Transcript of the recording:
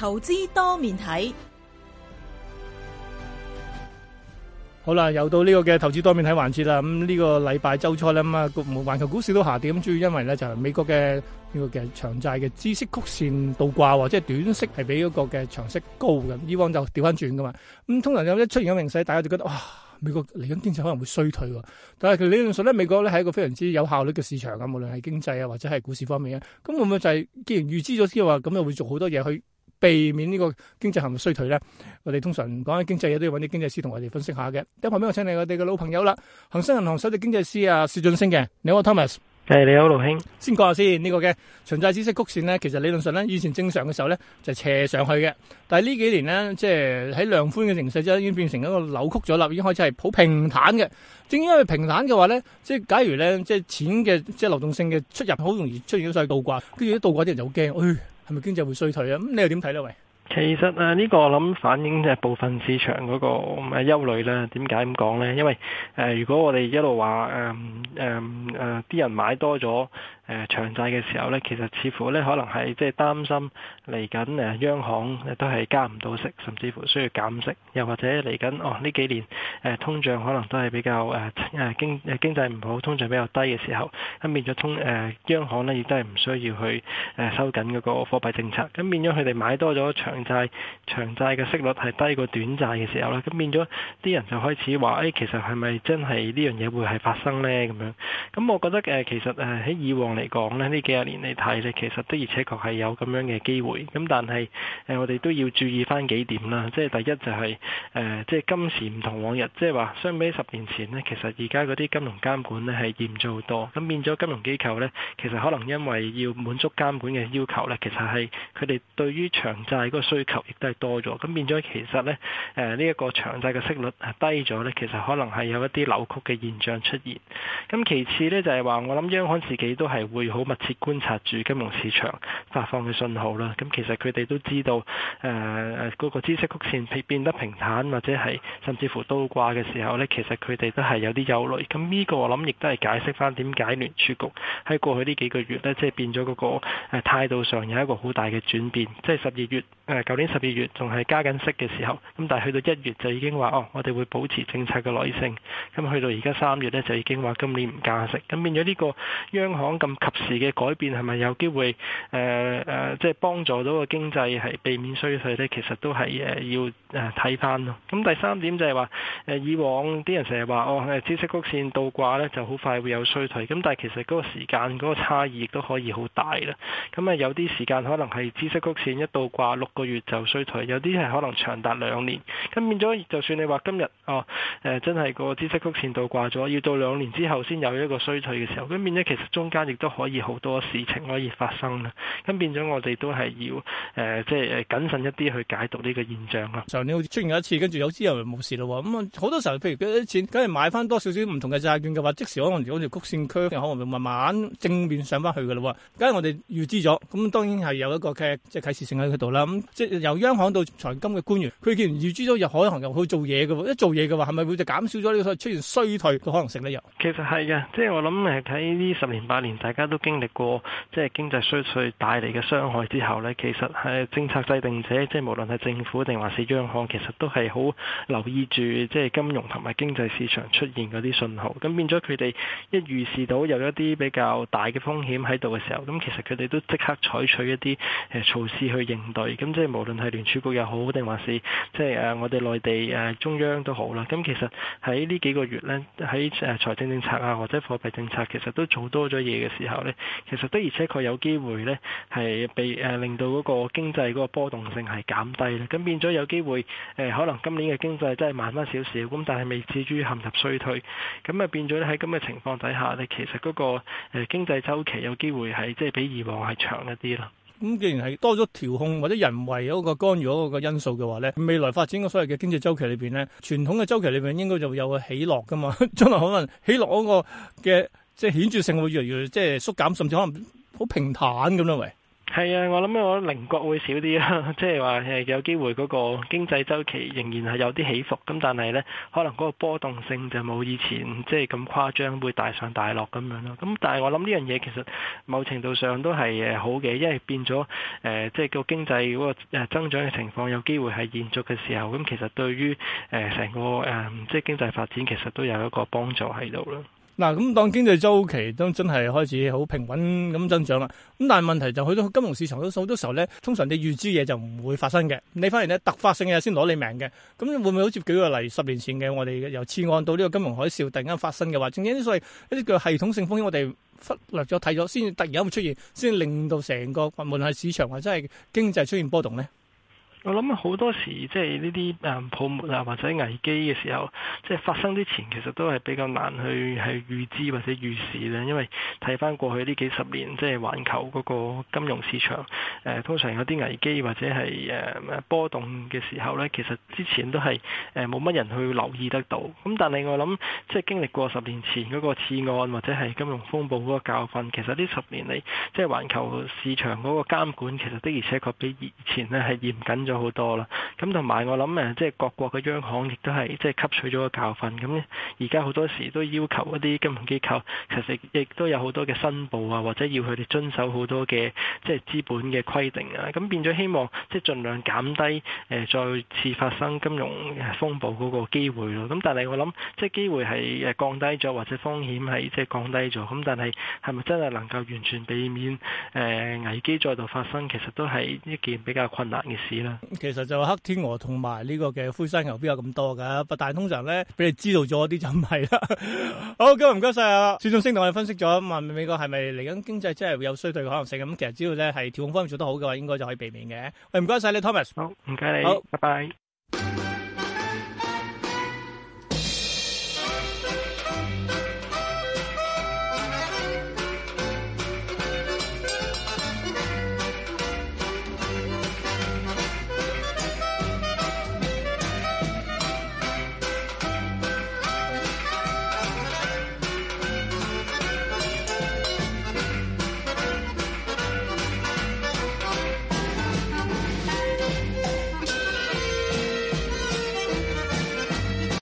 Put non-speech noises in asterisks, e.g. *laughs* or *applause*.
投資多面睇，好啦，又到呢個嘅投資多面睇環節啦。咁、嗯、呢、這個禮拜周初啦，咁、嗯、啊環球股市都下跌。咁主要因為咧就係、是、美國嘅呢個嘅長債嘅孳息曲線倒掛，或者係短息係比嗰個嘅長息高咁。以往就調翻轉噶嘛。咁通常有啲出現咗命勢，大家就覺得哇，美國嚟緊經濟可能會衰退。但係其實理論上咧，美國咧係一個非常之有效率嘅市場啊，無論係經濟啊或者係股市方面啊。咁會唔會就係既然預知咗呢個話，咁又會做好多嘢去？避免呢個經濟陷入衰退咧，我哋通常講緊經濟嘢都要揾啲經濟師同我哋分析一下嘅。喺旁邊我請你，我哋嘅老朋友啦，恒生銀行首席經濟師啊，薛俊昇嘅，你好 Thomas。誒 Th，你好老兄。先講下先呢個嘅存債孳息曲線咧，其實理論上咧，以前正常嘅時候咧就係、斜上去嘅，但係呢幾年咧，即係喺量寬嘅形勢之下已經變成一個扭曲咗啦，已經開始係好平坦嘅。正因為平坦嘅話咧，即係假如咧，即係錢嘅即係流動性嘅出入好容易出現啲細倒掛，跟住一倒掛啲人就好驚，哎係咪經濟會衰退啊？咁你又點睇呢？喂，其實啊，呢個我諗反映即係部分市場嗰個唔係憂慮啦。點解咁講呢？因為誒、呃，如果我哋一路話誒誒誒啲人買多咗。誒長債嘅時候呢，其實似乎呢，可能係即係擔心嚟緊誒央行都係加唔到息，甚至乎需要減息。又或者嚟緊哦呢幾年誒通脹可能都係比較誒誒經經濟唔好，通脹比較低嘅時候，咁變咗通誒央行呢，亦都係唔需要去誒收緊嗰個貨幣政策。咁變咗佢哋買多咗長債，長債嘅息率係低過短債嘅時候呢，咁變咗啲人就開始話：「誒、哎，其實係咪真係呢樣嘢會係發生呢？」咁樣咁我覺得誒其實誒喺以往嚟講呢，呢幾十年嚟睇呢，其實的而且確係有咁樣嘅機會。咁但係誒，我哋都要注意翻幾點啦。即係第一就係誒，即係今時唔同往日，即係話相比十年前呢，其實而家嗰啲金融監管呢係嚴咗好多，咁變咗金融機構呢，其實可能因為要滿足監管嘅要求呢，其實係佢哋對於長債嗰個需求亦都係多咗。咁變咗其實呢，誒呢一個長債嘅息率係低咗呢，其實可能係有一啲扭曲嘅現象出現。咁其次呢，就係話，我諗央行自己都係。會好密切觀察住金融市場發放嘅信號啦。咁其實佢哋都知道，誒嗰個孳息曲線變得平坦或者係甚至乎倒掛嘅時候呢，其實佢哋都係有啲憂慮。咁呢個我諗亦都係解釋翻點解聯儲局喺過去呢幾個月呢，即係變咗嗰個誒態度上有一個好大嘅轉變，即係十二月。誒，舊年十二月仲係加緊息嘅時候，咁但係去到一月就已經話哦，我哋會保持政策嘅耐性。咁去到而家三月呢，就已經話今年唔加息。咁變咗呢個央行咁及時嘅改變，係咪有機會誒誒，即係幫助到個經濟係避免衰退呢？其實都係誒、呃、要誒睇翻咯。咁第三點就係話誒，以往啲人成日話哦，孳息曲線倒掛呢就好快會有衰退。咁但係其實嗰個時間嗰、嗰個差異都可以好大啦。咁啊，有啲時間可能係孳息曲線一倒掛六個月就衰退，有啲係可能長達兩年，咁變咗就算你話今日哦，誒、呃、真係個孳息曲線倒掛咗，要到兩年之後先有一個衰退嘅時候，咁變咗其實中間亦都可以好多事情可以發生啦，咁變咗我哋都係要誒、呃、即係誒謹慎一啲去解讀呢個現象啊。上年好似出現一次，跟住有之後咪冇事咯，咁、嗯、好多時候譬如啲錢梗係買翻多少少唔同嘅債券嘅話，即時可能如果條曲線區，可能會慢慢正面上翻去噶啦，梗係我哋預知咗，咁當然係有一個嘅即係啟示性喺嗰度啦，咁、嗯。即係由央行到財金嘅官員，佢既然預知到入海行入去做嘢嘅一做嘢嘅話，係咪會就減少咗呢個出現衰退，都可能成得入？其實係嘅，即係我諗誒，喺呢十年八年，大家都經歷過，即係經濟衰退帶嚟嘅傷害之後咧，其實係政策制定者，即係無論係政府定還是央行，其實都係好留意住即係金融同埋經濟市場出現嗰啲信號，咁變咗佢哋一預示到有一啲比較大嘅風險喺度嘅時候，咁其實佢哋都即刻採取一啲誒措施去應對。咁。即係無論係聯儲局又好，定還是即係誒我哋內地誒中央都好啦。咁其實喺呢幾個月呢，喺誒財政政策啊，或者貨幣政策，其實都做多咗嘢嘅時候呢，其實的而且確有機會呢，係被誒令到嗰個經濟嗰個波動性係減低嘅。咁變咗有機會誒，可能今年嘅經濟真係慢返少少，咁但係未至於陷入衰退。咁啊變咗咧喺咁嘅情況底下呢，其實嗰個誒經濟週期有機會係即係比以往係長一啲啦。咁既然係多咗調控或者人為嗰個干預嗰個因素嘅話咧，未來發展個所謂嘅經濟周期裏邊咧，傳統嘅周期裏邊應該就會有個起落噶嘛， *laughs* 將來可能起落嗰個嘅即係顯著性會越嚟越即係縮減，甚至可能好平坦咁樣。喂。係啊，我諗咧，我覺得稜角會少啲啊，即係話有機會嗰個經濟周期仍然係有啲起伏，咁但係呢，可能嗰個波動性就冇以前即係咁誇張，會大上大落咁樣咯。咁但係我諗呢樣嘢，其實某程度上都係誒好嘅，因為變咗誒，即係，呃，就是、個經濟嗰個誒增長嘅情況有機會係延續嘅時候，咁其實對於誒成個誒即係經濟發展，其實都有一個幫助喺度咯。嗱，咁當經濟周期都真係開始好平穩咁增長啦，咁但係問題就係，去到金融市場嗰度，好多時候咧，通常你預知嘢就唔會發生嘅，你反而咧突發性嘅先攞你命嘅。咁會唔會好似舉個例，十年前嘅我哋由次按到呢個金融海嘯突然間發生嘅話，正因所謂一啲叫系統性風險，我哋忽略咗睇咗，先至突然間會出現，先令到成個無論係市場或者係經濟出現波動咧。我諗好多時，即係呢啲誒泡沫啊，或者危機嘅時候，即係發生之前，其實都係比較難去係預知或者預視咧。因為睇翻過去呢幾十年，即係環球嗰個金融市場誒，通常有啲危機或者係誒波動嘅時候呢，其實之前都係誒冇乜人去留意得到。咁但係我諗，即係經歷過十年前嗰個次按或者係金融風暴嗰個教訓，其實呢十年嚟，即係環球市場嗰個監管，其實的而且確比以前咧係嚴謹咗好多啦，咁同埋我諗誒，即係各國嘅央行亦都係即係吸取咗個教訓。咁而家好多時都要求一啲金融機構，其實亦都有好多嘅申報啊，或者要佢哋遵守好多嘅即係資本嘅規定啊。咁變咗希望即係盡量減低誒再次發生金融風暴嗰個機會咯。咁但係我諗即係機會係誒降低咗，或者風險係即係降低咗。咁但係係咪真係能夠完全避免誒危機再度發生，其實都係一件比較困難嘅事啦。其實就黑天鵝同埋呢個嘅灰犀牛邊有咁多噶？啊，但係通常咧，俾你知道咗啲就唔係啦。 *laughs* 好，咁唔該晒啊，薛俊昇同我哋分析咗，問美國係咪嚟緊經濟真係會有衰退嘅可能性？咁其實只要咧，係調控方面做得好嘅話，應該就可以避免嘅。喂，唔該晒你，Thomas。好，唔該你。好，拜拜。